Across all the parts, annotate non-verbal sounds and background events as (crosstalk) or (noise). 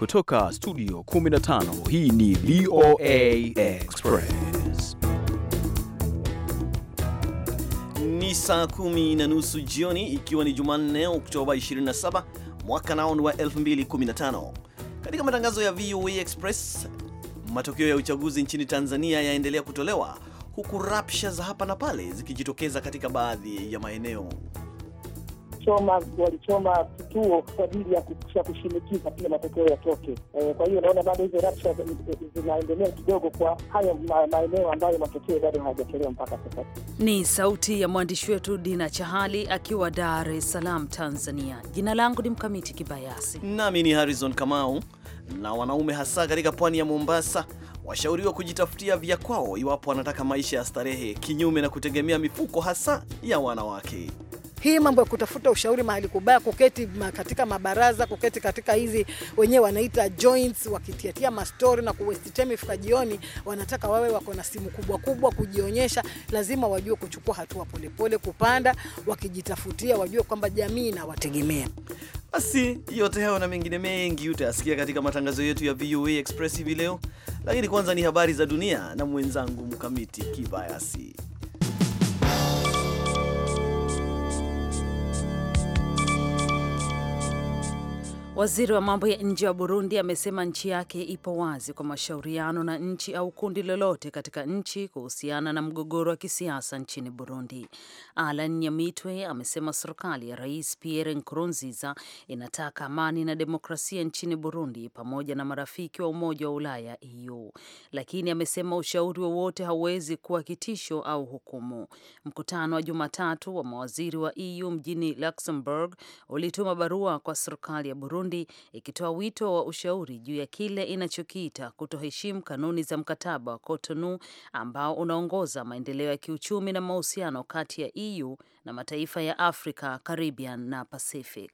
Kutoka studio 15 hii ni VOA Express. Ni saa kumi na nusu jioni ikiwa ni Jumanne Oktoba 27 mwaka naon wa 2015. Katika matangazo ya VOA Express, matokeo ya uchaguzi nchini Tanzania yaendelea kutolewa huku rapsha za hapa na pale zikijitokeza katika baadhi ya maeneo wanachoma walichoma kituo kwa ajili ya kushinikiza pia matokeo yatoke. E, kwa hiyo naona bado hizo rapsha zinaendelea kidogo kwa haya maeneo ambayo matokeo bado hayajatolewa mpaka sasa. Ni sauti ya mwandishi wetu Dina Chahali akiwa Dar es Salaam, Tanzania. Jina langu ni Mkamiti Kibayasi nami ni Harrison Kamau. Na wanaume hasa katika pwani ya Mombasa washauriwa kujitafutia vya kwao iwapo wanataka maisha ya starehe, kinyume na kutegemea mifuko hasa ya wanawake. Hii mambo ya kutafuta ushauri mahali kubaya, kuketi katika mabaraza, kuketi katika hizi wenyewe wanaita joints, wakitiatia mastori na kuwesti time ifika jioni, wanataka wawe wako na simu kubwa kubwa kujionyesha. Lazima wajue kuchukua hatua polepole, kupanda wakijitafutia, wajue kwamba jamii inawategemea. Basi yote hayo na mengine mengi utayasikia katika matangazo yetu ya VOA Express hivi leo, lakini kwanza ni habari za dunia na mwenzangu Mkamiti Kibayasi. Waziri wa mambo ya nje wa Burundi amesema nchi yake ipo wazi kwa mashauriano na nchi au kundi lolote katika nchi kuhusiana na mgogoro wa kisiasa nchini Burundi. Alan Nyamitwe amesema serikali ya Rais Pierre Nkurunziza inataka amani na demokrasia nchini Burundi pamoja na marafiki wa Umoja wa Ulaya EU, lakini amesema ushauri wowote hauwezi kuwa kitisho au hukumu. Mkutano wa Jumatatu wa mawaziri wa EU mjini Luxembourg ulituma barua kwa serikali ya Burundi Burundi ikitoa wito wa ushauri juu ya kile inachokiita kutoheshimu kanuni za mkataba wa Cotonou ambao unaongoza maendeleo ya kiuchumi na mahusiano kati ya EU na mataifa ya Afrika, Caribbean na Pacific.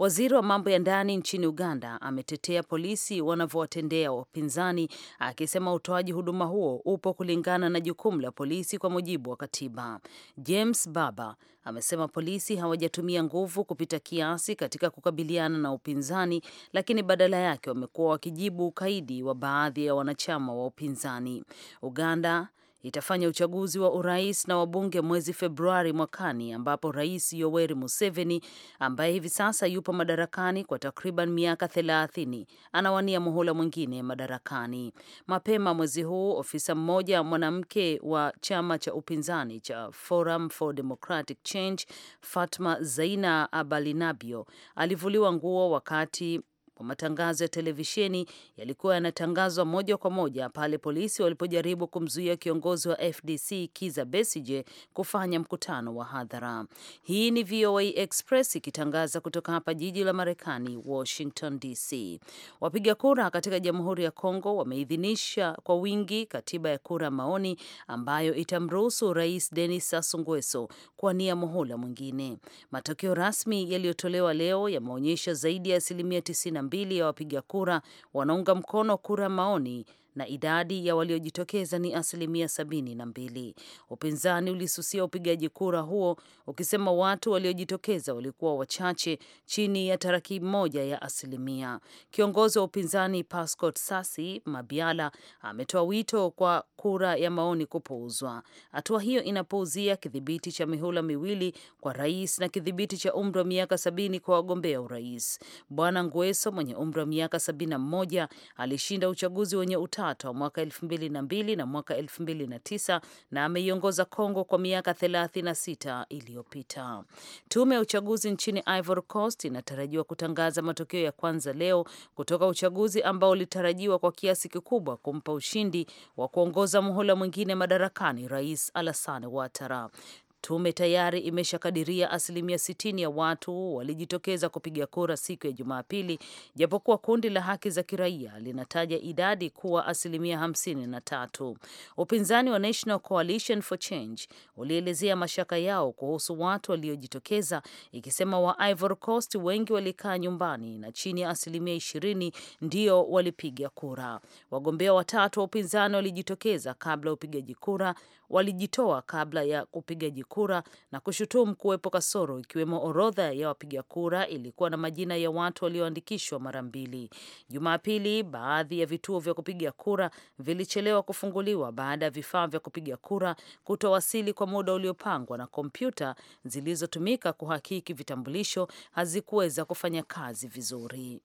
Waziri wa mambo ya ndani nchini Uganda ametetea polisi wanavyowatendea wapinzani, akisema utoaji huduma huo upo kulingana na jukumu la polisi kwa mujibu wa katiba. James Baba amesema polisi hawajatumia nguvu kupita kiasi katika kukabiliana na upinzani, lakini badala yake wamekuwa wakijibu ukaidi wa baadhi ya wanachama wa upinzani. Uganda itafanya uchaguzi wa urais na wabunge mwezi Februari mwakani, ambapo Rais Yoweri Museveni ambaye hivi sasa yupo madarakani kwa takriban miaka thelathini anawania muhula mwingine madarakani. Mapema mwezi huu, ofisa mmoja mwanamke wa chama cha upinzani cha Forum for Democratic Change, Fatma Zaina Abalinabio alivuliwa nguo wakati kwa matangazo ya televisheni yalikuwa yanatangazwa moja kwa moja pale polisi walipojaribu kumzuia kiongozi wa FDC Kiza Besige kufanya mkutano wa hadhara. Hii ni VOA Express ikitangaza kutoka hapa jiji la Marekani, Washington DC. Wapiga kura katika Jamhuri ya Kongo wameidhinisha kwa wingi katiba ya kura maoni ambayo itamruhusu Rais Denis Sassou Nguesso kuwania muhula mwingine. Matokeo rasmi yaliyotolewa leo yameonyesha zaidi ya asilimia mbili ya wapiga kura wanaunga mkono kura maoni na idadi ya waliojitokeza ni asilimia sabini na mbili. Upinzani ulisusia upigaji kura huo ukisema watu waliojitokeza walikuwa wachache, chini ya tarakimu moja ya asilimia. Kiongozi wa upinzani Pascot Sasi Mabiala ametoa wito kwa kura ya maoni kupuuzwa. Hatua hiyo inapuuzia kidhibiti cha mihula miwili kwa rais na kidhibiti cha umri wa miaka sabini kwa wagombea urais. Bwana Ngweso mwenye umri wa miaka sabini na mmoja alishinda uchaguzi wenye uta utatu wa mwaka elfu mbili na mbili na mwaka elfu mbili na tisa na ameiongoza Kongo kwa miaka thelathini na sita iliyopita. Tume ya uchaguzi nchini Ivory Coast inatarajiwa kutangaza matokeo ya kwanza leo kutoka uchaguzi ambao ulitarajiwa kwa kiasi kikubwa kumpa ushindi wa kuongoza muhula mwingine madarakani Rais Alassane Ouattara. Tume tayari imeshakadiria asilimia 60 ya watu walijitokeza kupiga kura siku ya Jumapili, japokuwa kundi la haki za kiraia linataja idadi kuwa asilimia 53. Upinzani wa National Coalition for Change ulielezea mashaka yao kuhusu watu waliojitokeza, ikisema wa Ivory Coast wengi walikaa nyumbani na chini ya asilimia 20 ndio walipiga kura. Wagombea watatu wa upinzani walijitokeza kabla ya upigaji kura, walijitoa kabla ya kupigaji kura na kushutumu kuwepo kasoro, ikiwemo orodha ya wapiga kura ilikuwa na majina ya watu walioandikishwa mara mbili. Jumapili, baadhi ya vituo vya kupiga kura vilichelewa kufunguliwa baada ya vifaa vya kupiga kura kutowasili kwa muda uliopangwa na kompyuta zilizotumika kuhakiki vitambulisho hazikuweza kufanya kazi vizuri.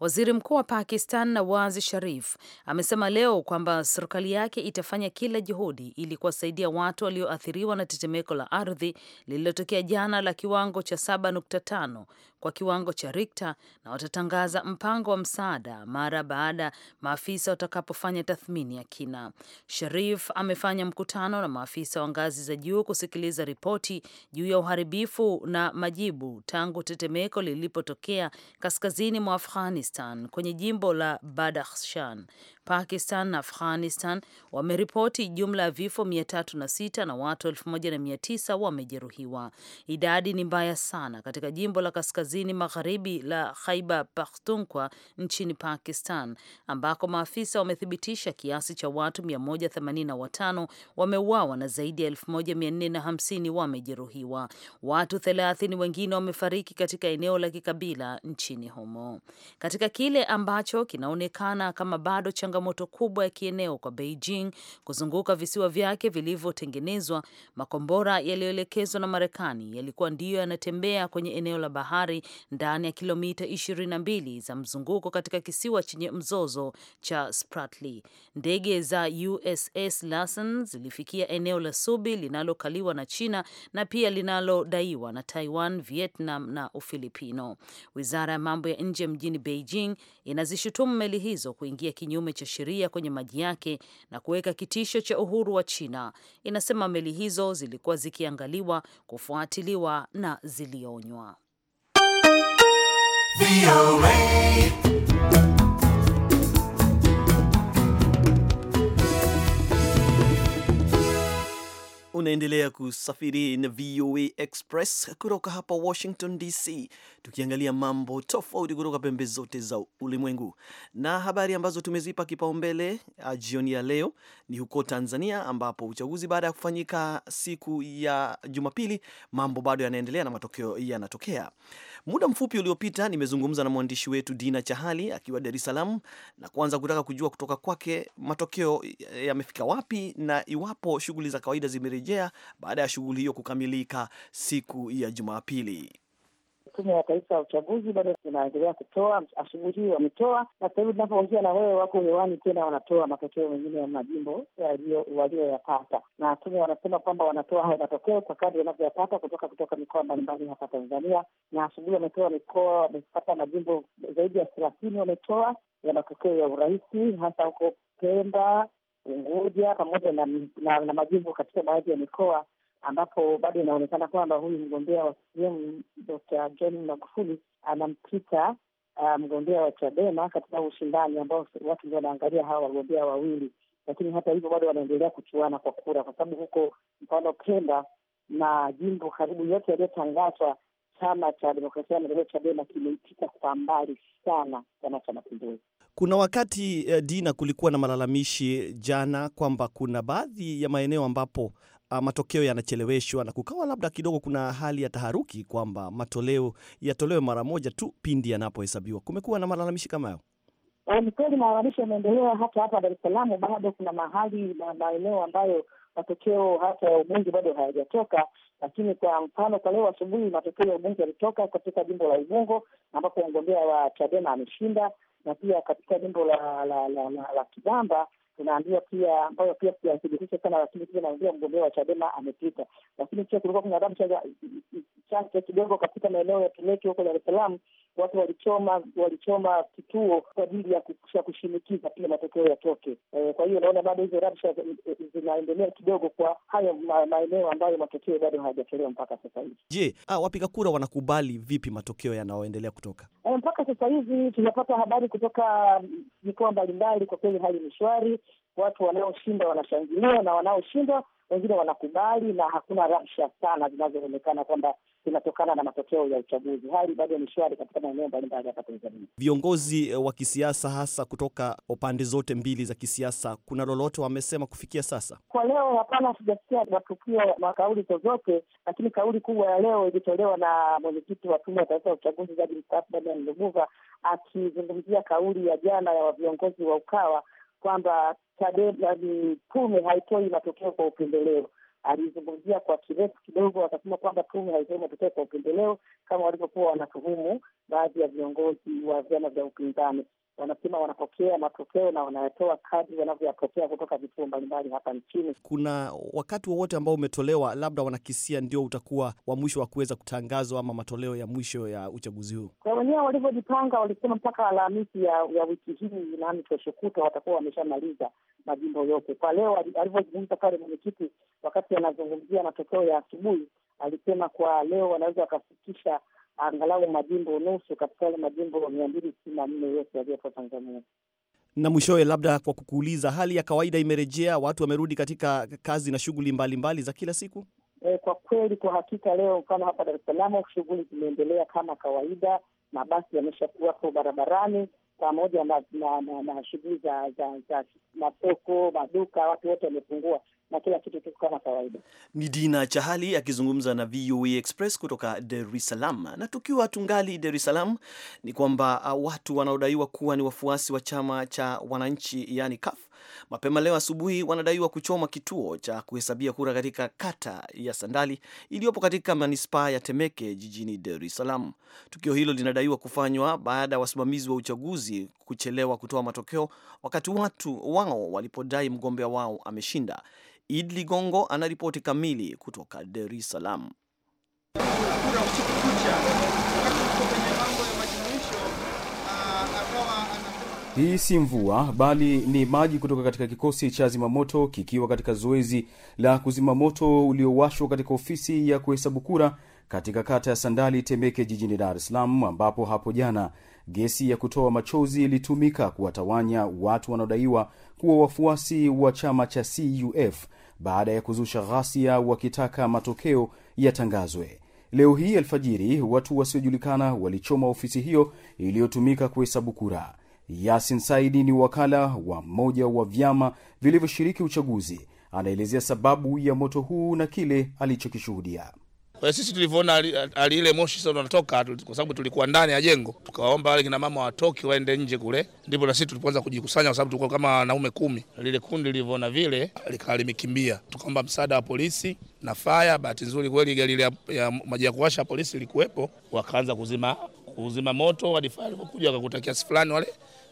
Waziri Mkuu wa Pakistan Nawaz Sharif amesema leo kwamba serikali yake itafanya kila juhudi ili kuwasaidia watu walioathiriwa na tetemeko la ardhi lililotokea jana la kiwango cha 7.5 kwa kiwango cha Richter na watatangaza mpango wa msaada mara baada maafisa watakapofanya tathmini ya kina. Sharif amefanya mkutano na maafisa wa ngazi za juu kusikiliza ripoti juu ya uharibifu na majibu tangu tetemeko lilipotokea kaskazini mwa Afghanistan kwenye jimbo la Badakhshan. Pakistan na Afghanistan wameripoti jumla ya vifo 306 na watu 1900 wamejeruhiwa. Idadi ni mbaya sana katika jimbo la kaskazini magharibi la khaiba Pakhtunkwa nchini Pakistan, ambako maafisa wamethibitisha kiasi cha watu 185 wameuawa na zaidi ya 1450 wamejeruhiwa. Watu 30 wengine wamefariki katika eneo la kikabila nchini humo, katika kile ambacho kinaonekana kama bado changa changamoto kubwa ya kieneo kwa Beijing kuzunguka visiwa vyake vilivyotengenezwa. Makombora yaliyoelekezwa na Marekani yalikuwa ndiyo yanatembea kwenye eneo la bahari ndani ya kilomita 22 za mzunguko katika kisiwa chenye mzozo cha Spratly. Ndege za USS Lassen zilifikia eneo la Subi linalokaliwa na China na pia linalodaiwa na Taiwan, Vietnam na Ufilipino. Wizara ya mambo ya nje mjini Beijing inazishutumu meli hizo kuingia kinyume cha sheria kwenye maji yake na kuweka kitisho cha uhuru wa China. Inasema meli hizo zilikuwa zikiangaliwa, kufuatiliwa na zilionywa. Unaendelea kusafiri na VOA Express kutoka hapa Washington DC, tukiangalia mambo tofauti kutoka pembe zote za ulimwengu. Na habari ambazo tumezipa kipaumbele ah, jioni ya leo ni huko Tanzania, ambapo uchaguzi baada ya kufanyika siku ya Jumapili, mambo bado yanaendelea na matokeo yanatokea. Muda mfupi uliopita, nimezungumza na mwandishi wetu Dina Chahali akiwa Dar es Salaam na kuanza kutaka kujua kutoka kwake matokeo eh, yamefika wapi na iwapo shughuli za kawaida zimerejea kurejea baada ya shughuli hiyo kukamilika siku ya Jumapili. Tume ya Taifa ya Uchaguzi bado inaendelea kutoa. Asubuhi hii wametoa, na sasa hivi tunapoongea na wewe, wako hewani tena wanatoa matokeo mengine ya majimbo walioyapata, na tume wanasema kwamba wanatoa hayo matokeo kwa kadri wanavyoyapata kutoka kutoka mikoa mbalimbali hapa Tanzania. Na asubuhi wametoa mikoa, wamepata majimbo zaidi ya thelathini wametoa ya matokeo ya urahisi hasa huko Pemba, Unguja pamoja na, na, na majimbo katika baadhi ya mikoa ambapo bado inaonekana kwamba huyu mgombea wa CCM Dr. John Magufuli anampita uh, mgombea wa Chadema katika ushindani ambao watu ndio wanaangalia hawa wagombea wawili, lakini hata hivyo bado wanaendelea kuchuana kwa kura, kwa sababu huko mfano Pemba na jimbo karibu yote yaliyotangazwa chama cha demokrasia na maendeleo Chadema kimeipita kwa mbali sana Chama cha Mapinduzi. Kuna wakati eh, Dina, kulikuwa na malalamishi jana kwamba kuna baadhi ya maeneo ambapo ah, matokeo yanacheleweshwa na kukawa labda kidogo kuna hali ya taharuki kwamba matoleo yatolewe mara moja tu pindi yanapohesabiwa. Kumekuwa na malalamishi kama hayo? Eh, ni kweli malalamishi yameendelea hata hapa Dar es bado kuna mahali na maeneo ambayo matokeo hata ya ubunge bado hayajatoka, lakini kwa mfano kwa leo asubuhi, matokeo ya ubunge yalitoka katika jimbo la Ubungo ambapo mgombea wa Chadema ameshinda, na pia katika jimbo la la, la, la, la Kigamba inaambia pia ambayo pia sijathibitisha sana, lakini pia naambiwa mgombea wa Chadema amepita. Lakini pia kulikuwa kuna damu chache kidogo katika maeneo ya Temeke huko Dar es Salaam, watu walichoma walichoma kituo kwa ajili ya kushinikiza pia matokeo yatoke. E, kwa hiyo naona bado hizo rabsha zinaendelea kidogo kwa hayo maeneo ambayo matokeo bado hayajatolewa mpaka sasa hivi. Je, ah, wapiga kura wanakubali vipi matokeo yanayoendelea kutoka? E, mpaka sasa hivi tunapata habari kutoka mikoa mbalimbali, kwa kweli hali ni shwari watu wanaoshinda wanashangilia na wanaoshindwa wengine wanakubali, na hakuna rasha sana zinazoonekana kwamba zinatokana na matokeo ya uchaguzi. Hali bado ni shwari katika maeneo mbalimbali hapa Tanzania. Viongozi eh, wa kisiasa hasa kutoka pande zote mbili za kisiasa, kuna lolote wamesema kufikia sasa? Kwa leo hapana, sijasikia matukio na kauli zozote, lakini kauli kubwa ya leo ilitolewa na mwenyekiti wa Tume ya Taifa ya Uchaguzi, Jaji mstaafu Damian Lubuva akizungumzia kauli ya jana ya viongozi wa Ukawa kwamba tume haitoi matokeo kwa upendeleo. Alizungumzia kwa kirefu kidogo, akasema kwamba tume haitoi matokeo kwa upendeleo kama walivyokuwa wanatuhumu baadhi ya viongozi wa vyama vya upinzani wanasema wanapokea matokeo na wanayatoa kadi wanavyoyapokea kutoka vituo mbalimbali hapa nchini. Kuna wakati wowote ambao umetolewa, labda wanakisia ndio utakuwa wa mwisho wa kuweza kutangazwa ama matoleo ya mwisho ya uchaguzi huu? Kwa wenyewe walivyojipanga, walisema mpaka Alhamisi ya, ya wiki hii, nani kesho kutwa watakuwa wameshamaliza majimbo yote. Kwa leo alivyozungumza pale mwenyekiti, wakati anazungumzia matokeo ya asubuhi, alisema kwa leo wanaweza wakafikisha angalau majimbo nusu katika yale majimbo mia mbili sitini na nne yote yaliyopo Tanzania. Na mwishowe, labda kwa kukuuliza, hali ya kawaida imerejea? Watu wamerudi katika kazi na shughuli mbalimbali za kila siku? E, kwa kweli, kwa hakika leo mfano hapa Dar es Salaam shughuli zimeendelea kama kawaida. Mabasi yameshakuwapo barabarani pamoja na, na, na, na shughuli za, za, za masoko, maduka, watu wote wamepungua na kila kitu kiko kama kawaida. Ni Dina Chahali akizungumza na VOA Express kutoka Dar es Salaam. Na tukiwa tungali Dar es Salaam, ni kwamba uh, watu wanaodaiwa kuwa ni wafuasi wa chama cha wananchi yani CUF mapema leo asubuhi wanadaiwa kuchoma kituo cha kuhesabia kura katika kata ya Sandali iliyopo katika manispaa ya Temeke jijini Dar es Salaam. Tukio hilo linadaiwa kufanywa baada ya wasimamizi wa uchaguzi kuchelewa kutoa matokeo wakati watu wao walipodai mgombea wao ameshinda. Id Ligongo anaripoti kamili kutoka Dar es Salaam. Ah, Hii si mvua bali ni maji kutoka katika kikosi cha zimamoto kikiwa katika zoezi la kuzima moto uliowashwa katika ofisi ya kuhesabu kura katika kata ya Sandali, Temeke, jijini Dar es Salaam, ambapo hapo jana gesi ya kutoa machozi ilitumika kuwatawanya watu wanaodaiwa kuwa wafuasi wa chama cha CUF baada ya kuzusha ghasia wakitaka matokeo yatangazwe leo hii alfajiri watu wasiojulikana walichoma ofisi hiyo iliyotumika kuhesabu kura yasin saidi ni wakala wa mmoja wa vyama vilivyoshiriki uchaguzi anaelezea sababu ya moto huu na kile alichokishuhudia kwa sisi tulivyoona hali ile moshi sasa unatoka, kwa sababu tulikuwa ndani ya jengo, tukawaomba wale kina mama watoki waende nje kule, ndipo na sisi tulipoanza kujikusanya, kwa sababu tulikuwa kama wanaume kumi. Lile kundi lilivyoona vile likawa limekimbia, tukaomba msaada wa polisi na faya. Bahati nzuri kweli gari ya, ya maji ya kuwasha polisi ilikuwepo, wakaanza kuzima kuzima moto hadi faya ilipokuja, wakakuta kiasi fulani wale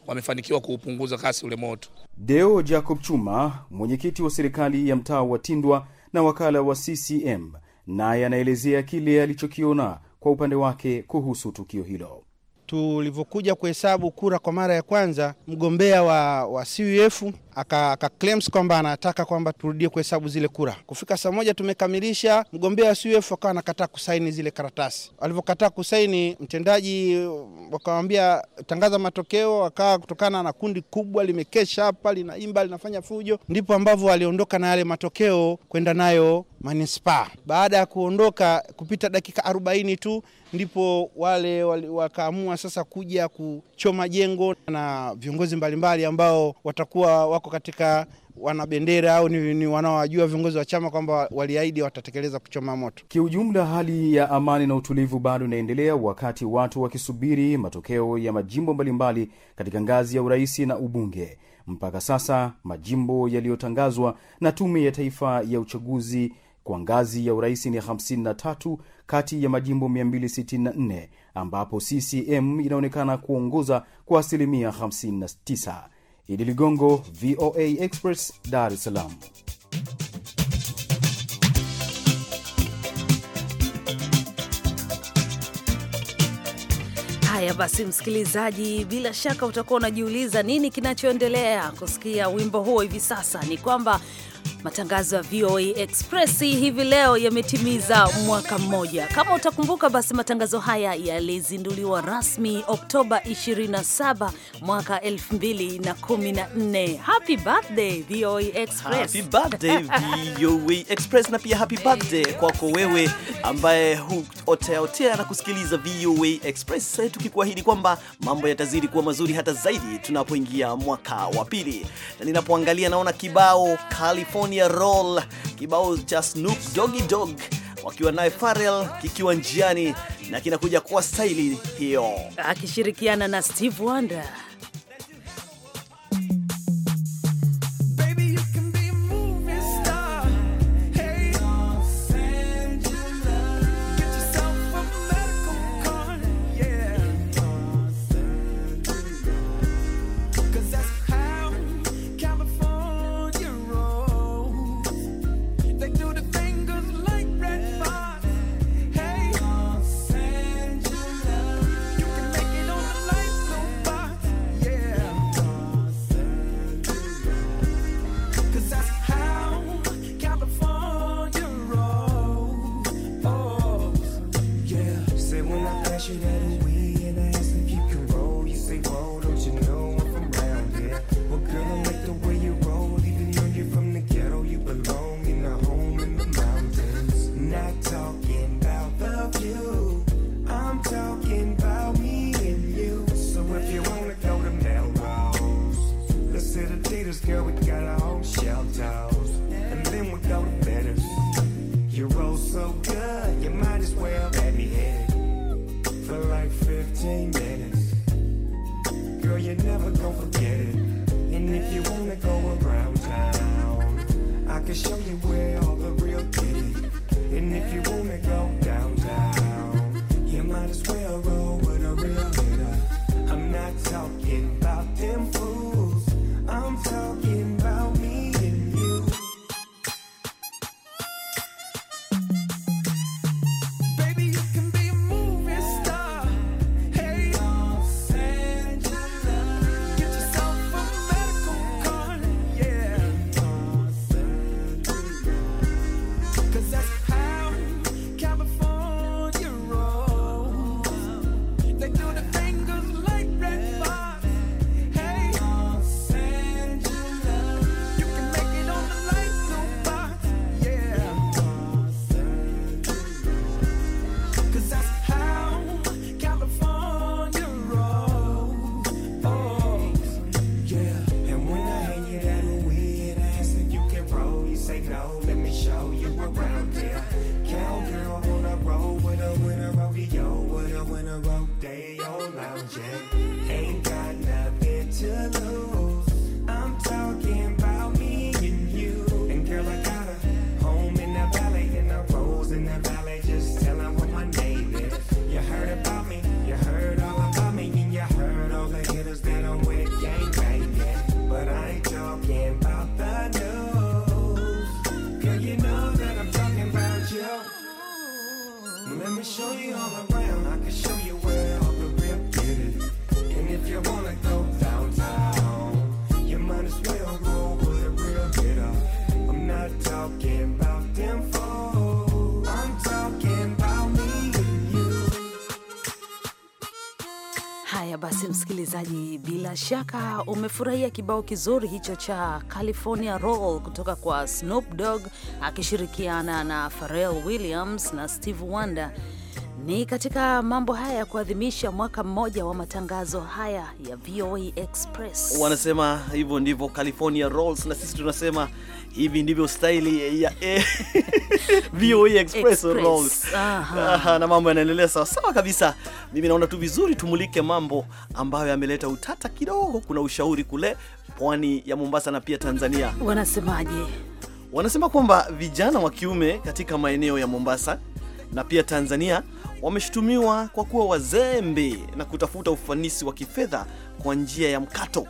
wamefanikiwa kuupunguza kasi ule moto. Deo Jacob Chuma, mwenyekiti wa serikali ya mtaa wa Tindwa na wakala wa CCM naye anaelezea kile alichokiona kwa upande wake kuhusu tukio hilo tulivyokuja kuhesabu kura kwa mara ya kwanza mgombea wa, wa CUF aka claims kwamba anataka kwamba turudie kuhesabu zile kura. Kufika saa moja tumekamilisha, mgombea wa CUF akawa anakataa kusaini zile karatasi. Alivyokataa kusaini, mtendaji wakamwambia tangaza matokeo, akawa kutokana na kundi kubwa limekesha hapa linaimba linafanya fujo, ndipo ambavyo aliondoka na yale matokeo kwenda nayo manispaa. Baada ya kuondoka, kupita dakika arobaini tu ndipo wale, wale wakaamua sasa kuja kuchoma jengo na viongozi mbalimbali ambao watakuwa wako wako katika wanabendera au ni, ni wanaowajua viongozi wa chama kwamba waliahidi watatekeleza kuchoma moto. Kiujumla, hali ya amani na utulivu bado inaendelea wakati watu wakisubiri matokeo ya majimbo mbalimbali katika ngazi ya urais na ubunge. Mpaka sasa majimbo yaliyotangazwa na Tume ya Taifa ya Uchaguzi kwa ngazi ya urais ni 53 kati ya majimbo 264 ambapo CCM inaonekana kuongoza kwa asilimia 59. Idi Ligongo, VOA Express, Dar es Salaam. Haya basi, msikilizaji, bila shaka utakuwa unajiuliza nini kinachoendelea. Kusikia wimbo huo hivi sasa, ni kwamba Matangazo ya VOA Express hivi leo yametimiza mwaka mmoja. Kama utakumbuka, basi matangazo haya yalizinduliwa rasmi Oktoba 27 mwaka 2014. Happy birthday VOA Express. Happy birthday VOA Express na pia happy birthday kwako wewe ambaye huoteaotea na kusikiliza VOA Express, eh, tukikuahidi kwamba mambo yatazidi kuwa mazuri hata zaidi tunapoingia mwaka wa pili, na ninapoangalia naona kibao California maoni ya roll kibao cha Snoop Doggy Dog wakiwa naye Farrell kikiwa njiani na kinakuja kwa staili hiyo akishirikiana na Steve Wonder. show you where. shaka umefurahia kibao kizuri hicho cha California Roll kutoka kwa Snoop Dogg akishirikiana na Pharrell Williams na Steve Wonder ni katika mambo haya ya kuadhimisha mwaka mmoja wa matangazo haya ya VOA e Express. Wanasema hivyo ndivyo California Rolls, na sisi tunasema hivi ndivyo staili ya eh, (laughs) VOA e Express Rolls. na mambo yanaendelea sawa sawa kabisa. Mimi naona tu vizuri tumulike mambo ambayo yameleta utata kidogo. Kuna ushauri kule pwani ya Mombasa na pia Tanzania. Wanasemaje? Wanasema kwamba vijana wa kiume katika maeneo ya Mombasa na pia Tanzania wameshutumiwa kwa kuwa wazembe na kutafuta ufanisi wa kifedha kwa njia ya mkato,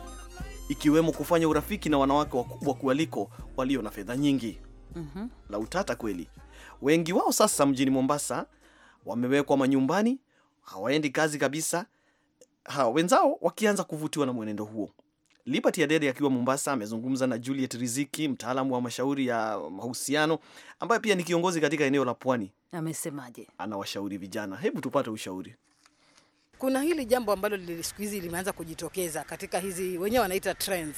ikiwemo kufanya urafiki na wanawake wakubwa kualiko walio na fedha nyingi. mm -hmm. La utata kweli. Wengi wao sasa mjini Mombasa wamewekwa manyumbani, hawaendi kazi kabisa, hawa wenzao wakianza kuvutiwa na mwenendo huo. Liberty Adede akiwa Mombasa amezungumza na Juliet Riziki, mtaalamu wa mashauri ya mahusiano ambaye pia ni kiongozi katika eneo la Pwani. Amesemaje? Anawashauri vijana. Hebu tupate ushauri. Kuna hili jambo ambalo siku hizi limeanza kujitokeza katika hizi wenyewe wanaita trends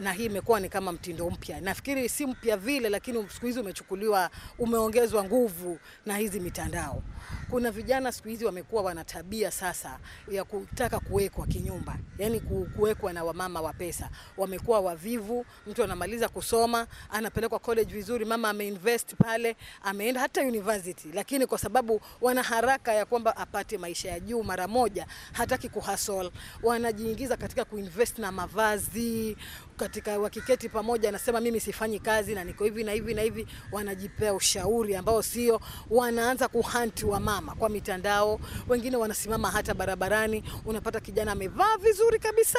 na hii imekuwa ni kama mtindo mpya, nafikiri si mpya vile, lakini siku hizi umechukuliwa, umeongezwa nguvu na hizi mitandao. Kuna vijana siku hizi wamekuwa wana tabia sasa ya kutaka kuwekwa kinyumba, yani kuwekwa na wamama wa pesa. Wamekuwa wavivu, mtu anamaliza kusoma, anapelekwa college vizuri, mama ameinvest pale, ameenda hata university, lakini kwa sababu wana haraka ya kwamba apate maisha ya juu mara moja, hataki kuhasol, wanajiingiza katika kuinvest na mavazi katika wakiketi pamoja, anasema mimi sifanyi kazi na niko hivi na hivi na hivi, wanajipea ushauri ambao sio, wanaanza kuhanti wa mama kwa mitandao. Wengine wanasimama hata barabarani, unapata kijana amevaa vizuri kabisa,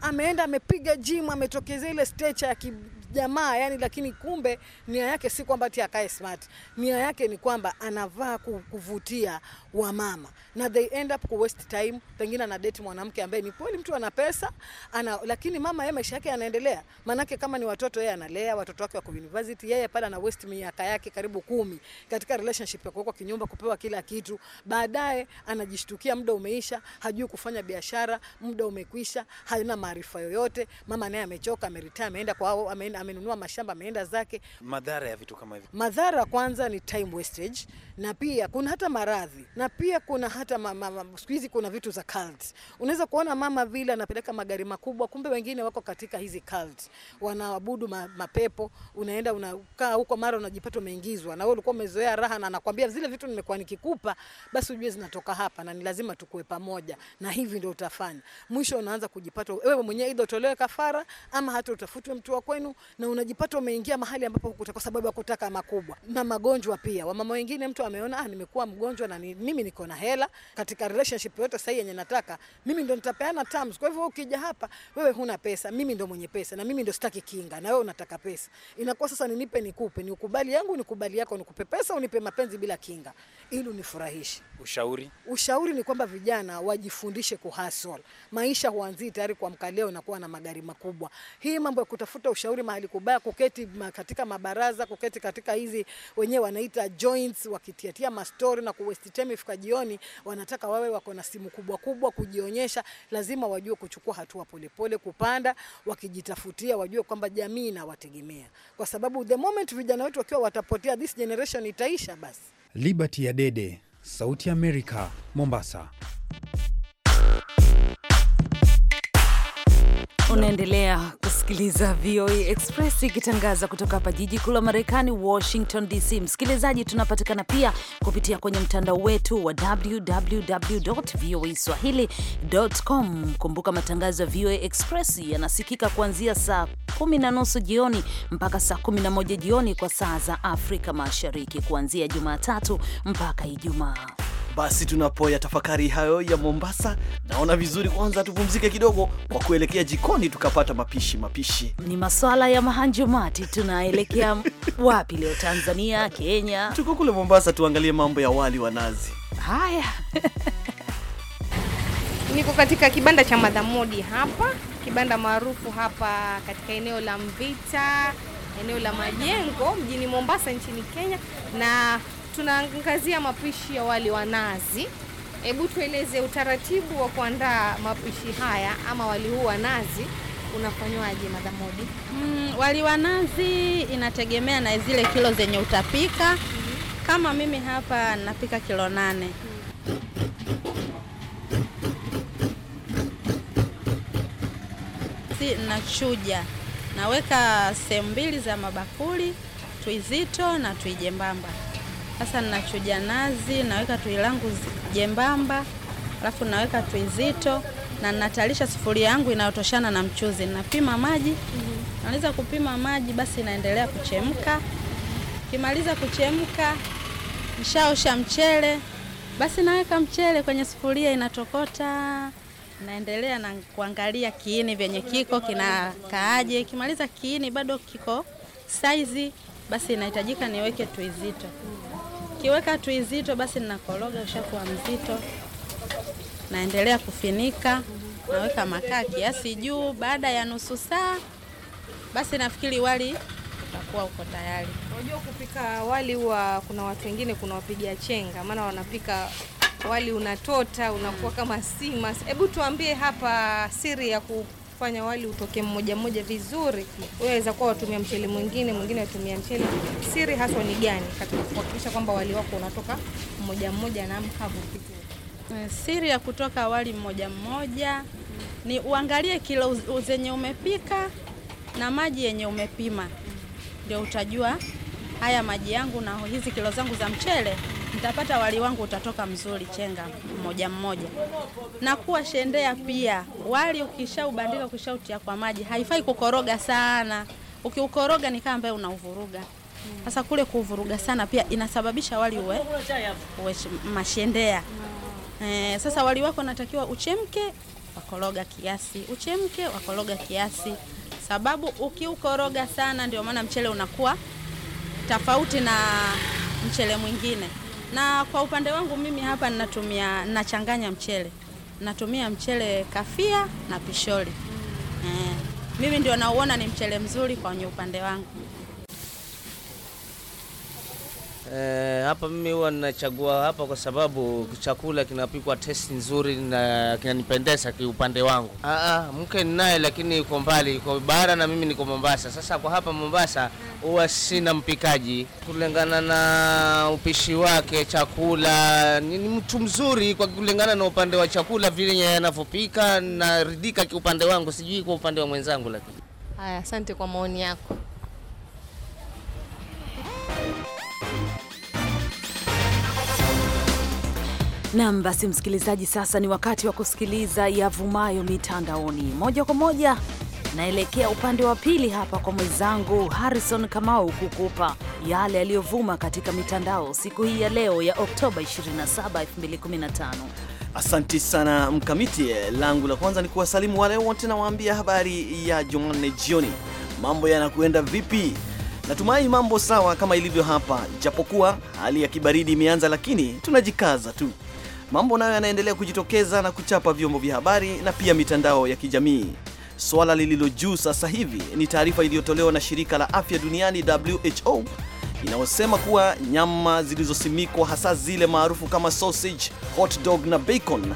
ameenda amepiga gym, ametokeza ile stage ya ki jamaa yani, lakini kumbe nia yake si kwamba ti akae smart, nia yake ni kwamba anavaa kuvutia wa mama, na they end up ku waste time. Pengine ana date mwanamke ambaye ni kweli mtu ana pesa ana, lakini mama yeye maisha yake yanaendelea, manake kama ni watoto yeye analea watoto wake wako university, yeye pale ana waste miaka yake karibu kumi katika relationship ya kuwekwa kinyumba, kupewa kila kitu, baadaye anajishtukia muda umeisha, hajui kufanya biashara, muda umekwisha, hana maarifa yoyote. Mama naye amechoka, ameritaya, ameenda kwao, amenunua mashamba, ameenda zake. Madhara ya vitu kama hivi, madhara kwanza ni time wastage, na pia kuna hata maradhi na na pia kuna hata siku hizi kuna vitu za cult. Unaweza kuona mama vile anapeleka magari makubwa, kumbe wengine wako katika hizi cult, wanaabudu ma, mapepo. Unaenda unakaa huko, mara unajipata umeingizwa, na wewe ulikuwa umezoea raha, na anakwambia zile vitu nimekuwa nikikupa, basi ujue zinatoka hapa na ni lazima tukue pamoja, na hivi ndio utafanya. Mwisho unaanza kujipata wewe mwenyewe, ido tolewe kafara ama hata utafutwe mtu wa kwenu, na unajipata umeingia mahali ambapo hukuta, kwa sababu ya kutaka makubwa na magonjwa pia. Wamama wengine mtu ameona ah, nimekuwa mgonjwa na ni mimi niko na hela katika relationship yote sahihi yenye nataka mimi ndo nitapeana terms. Kwa hivyo ukija hapa wewe huna pesa, mimi ndo mwenye pesa, na mimi ndo sitaki kinga, na wewe unataka pesa. Inakuwa sasa ninipe nikupe, ni ukubali yangu nikubali yako, nikupe pesa unipe mapenzi bila kinga, ili unifurahishe. Ushauri, ushauri ni kwamba vijana wajifundishe kuhustle. Maisha huanzii tayari kuamka leo na kuwa na magari makubwa. Hii mambo ya kutafuta ushauri mahali kubaya, kuketi katika mabaraza, kuketi katika hizi wenyewe wanaita joints, wakitiatia mastori na kuwaste time ikifika jioni wanataka wawe wako na simu kubwa kubwa kujionyesha, lazima wajue kuchukua hatua polepole, kupanda wakijitafutia, wajue kwamba jamii inawategemea, kwa sababu the moment vijana wetu wakiwa watapotea, this generation itaisha. Basi. Liberty ya Dede, Sauti ya Amerika, Mombasa. Unaendelea kusikiliza VOA e Express ikitangaza kutoka hapa jiji kuu la Marekani, Washington DC. Msikilizaji, tunapatikana pia kupitia kwenye mtandao wetu wa www voa e swahili.com. Kumbuka matangazo ya VOA e Express yanasikika kuanzia saa kumi na nusu jioni mpaka saa kumi na moja jioni kwa saa za Afrika Mashariki, kuanzia Jumatatu mpaka Ijumaa. Basi tunapoya tafakari hayo ya Mombasa, naona vizuri kwanza tupumzike kidogo kwa kuelekea jikoni tukapata mapishi. Mapishi ni maswala ya mahanjumati. Tunaelekea (laughs) wapi leo? Tanzania, Kenya? Tuko kule Mombasa, tuangalie mambo ya wali wa nazi. Haya. (laughs) Niko katika kibanda cha Madhamodi hapa, kibanda maarufu hapa katika eneo la Mvita, eneo la Majengo mjini Mombasa nchini Kenya, na tunaangazia mapishi ya wali wa nazi. Hebu tueleze utaratibu wa kuandaa mapishi haya ama wali huu wa nazi unafanywaje, Madam Modi? Mm, wali wa nazi inategemea na zile kilo zenye utapika. mm -hmm. Kama mimi hapa napika kilo nane. mm Si nachuja, naweka sehemu mbili za mabakuli, tui zito na tui jembamba sasa ninachuja nazi, naweka tui langu jembamba, alafu naweka tui zito na natalisha sufuria yangu inayotoshana na mchuzi. Napima maji. Mhm. Naweza kupima maji basi inaendelea kuchemka. Kimaliza kuchemka, nishaosha mchele. Basi naweka mchele kwenye sufuria inatokota. Naendelea na kuangalia kiini vyenye kiko kinakaaje. Kimaliza kiini bado kiko saizi, basi inahitajika niweke tui zito. Mhm. Nikiweka tui zito, basi ninakoroga, ushakuwa mzito, naendelea kufinika, naweka makaa kiasi juu. Baada ya nusu saa, basi nafikiri wali utakuwa uko tayari. Unajua kupika wali huwa kuna watu wengine, kuna wapiga chenga, maana wanapika wali unatota unakuwa kama sima Hebu tuambie hapa siri ya ku kufanya wali utoke mmoja mmoja vizuri. Wewe waweza kuwa watumia mchele mwingine, mwingine watumia mchele. Siri haswa ni gani katika kuhakikisha kwamba wali wako unatoka mmoja mmoja na mkavu vizuri? Eh, siri ya kutoka wali mmoja mmoja ni uangalie kilo zenye umepika na maji yenye umepima, ndio utajua haya maji yangu na hizi kilo zangu za mchele Nitapata wali wangu utatoka mzuri, chenga mmoja mmoja. Na kuwa shendea pia, wali ukishaubandika, ukishautia kwa maji, haifai kukoroga sana. Ukiukoroga ni kama unauvuruga. Sasa kule kuvuruga sana pia inasababisha wali uwe, uwe mashendea. E, sasa wali wako natakiwa uchemke wakoroga kiasi, uchemke wakoroga kiasi, sababu ukiukoroga sana, ndio maana mchele unakuwa tofauti na mchele mwingine. Na kwa upande wangu mimi hapa ninatumia nachanganya mchele, natumia mchele kafia na pishori. Eh, mimi ndio nauona ni mchele mzuri kwenye upande wangu. Eh, hapa mimi huwa ninachagua hapa kwa sababu chakula kinapikwa testi nzuri na kinanipendeza kiupande wangu. Ah, ah, mke ninaye lakini yuko mbali, yuko bara na mimi niko Mombasa. Sasa kwa hapa Mombasa huwa sina mpikaji kulingana na upishi wake. Chakula ni mtu mzuri kwa kulingana na upande wa chakula vile anavyopika, naridhika kiupande wangu, sijui kwa upande wa mwenzangu lakini. Haya, asante kwa maoni yako. Nam, basi msikilizaji, sasa ni wakati wa kusikiliza yavumayo mitandaoni moja kwa moja. Naelekea upande wa pili hapa kwa mwenzangu Harrison Kamau kukupa yale yaliyovuma katika mitandao siku hii ya leo ya Oktoba 27, 2015. Asanti sana Mkamiti. Langu la kwanza ni kuwasalimu wale wote, nawaambia habari ya Jumanne jioni. Mambo yanakuenda vipi? Natumai mambo sawa kama ilivyo hapa, japokuwa hali ya kibaridi imeanza, lakini tunajikaza tu. Mambo nayo yanaendelea kujitokeza na kuchapa vyombo vya habari na pia mitandao ya kijamii. Swala lililo juu sasa hivi ni taarifa iliyotolewa na shirika la afya duniani WHO inayosema kuwa nyama zilizosimikwa hasa zile maarufu kama sausage, hot dog na bacon,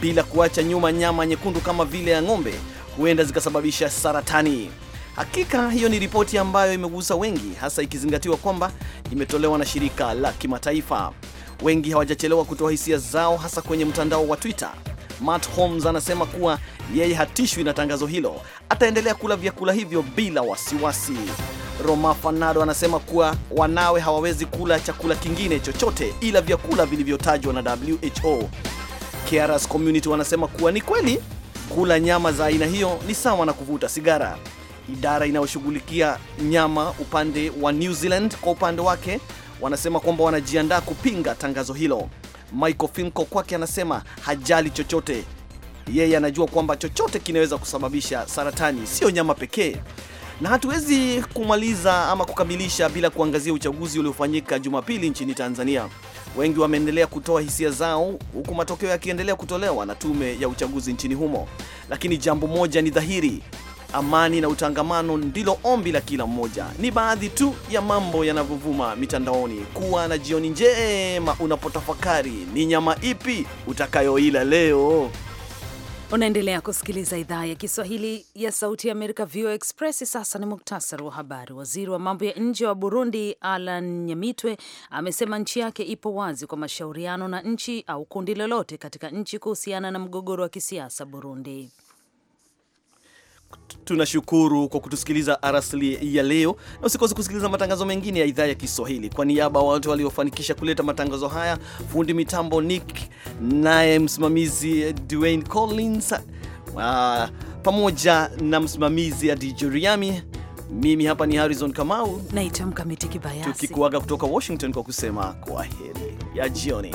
bila kuacha nyuma nyama nyekundu kama vile ya ng'ombe, huenda zikasababisha saratani. Hakika hiyo ni ripoti ambayo imegusa wengi, hasa ikizingatiwa kwamba imetolewa na shirika la kimataifa. Wengi hawajachelewa kutoa hisia zao, hasa kwenye mtandao wa Twitter. Matt Holmes anasema kuwa yeye hatishwi na tangazo hilo, ataendelea kula vyakula hivyo bila wasiwasi. Roma Fanado anasema kuwa wanawe hawawezi kula chakula kingine chochote ila vyakula vilivyotajwa na WHO. Keras Community wanasema kuwa ni kweli kula nyama za aina hiyo ni sawa na kuvuta sigara. Idara inayoshughulikia nyama upande wa New Zealand kwa upande wake wanasema kwamba wanajiandaa kupinga tangazo hilo. Michael Finko kwake anasema hajali chochote, yeye anajua kwamba chochote kinaweza kusababisha saratani, sio nyama pekee na hatuwezi kumaliza ama kukamilisha bila kuangazia uchaguzi uliofanyika Jumapili nchini Tanzania. Wengi wameendelea kutoa hisia zao huku matokeo yakiendelea kutolewa na tume ya uchaguzi nchini humo, lakini jambo moja ni dhahiri, Amani na utangamano ndilo ombi la kila mmoja. Ni baadhi tu ya mambo yanavyovuma mitandaoni. Kuwa na jioni njema unapotafakari ni nyama ipi utakayoila leo. Unaendelea kusikiliza idhaa ya Kiswahili ya Sauti ya Amerika, VOA Express. Sasa ni muktasari wa habari. Waziri wa mambo ya nje wa Burundi, Alan Nyamitwe, amesema nchi yake ipo wazi kwa mashauriano na nchi au kundi lolote katika nchi kuhusiana na mgogoro wa kisiasa Burundi tunashukuru kwa kutusikiliza arasli ya leo, na usikose kusikiliza matangazo mengine ya idhaa ya Kiswahili. Kwa niaba ya watu waliofanikisha kuleta matangazo haya, fundi mitambo Nick, naye msimamizi Dwayne Collins, uh, pamoja na msimamizi Adijeriami, mimi hapa ni Harrison Kamau naita Mkamiti Kibayasi, tukikuaga kutoka Washington kwa kusema kwa heri ya jioni.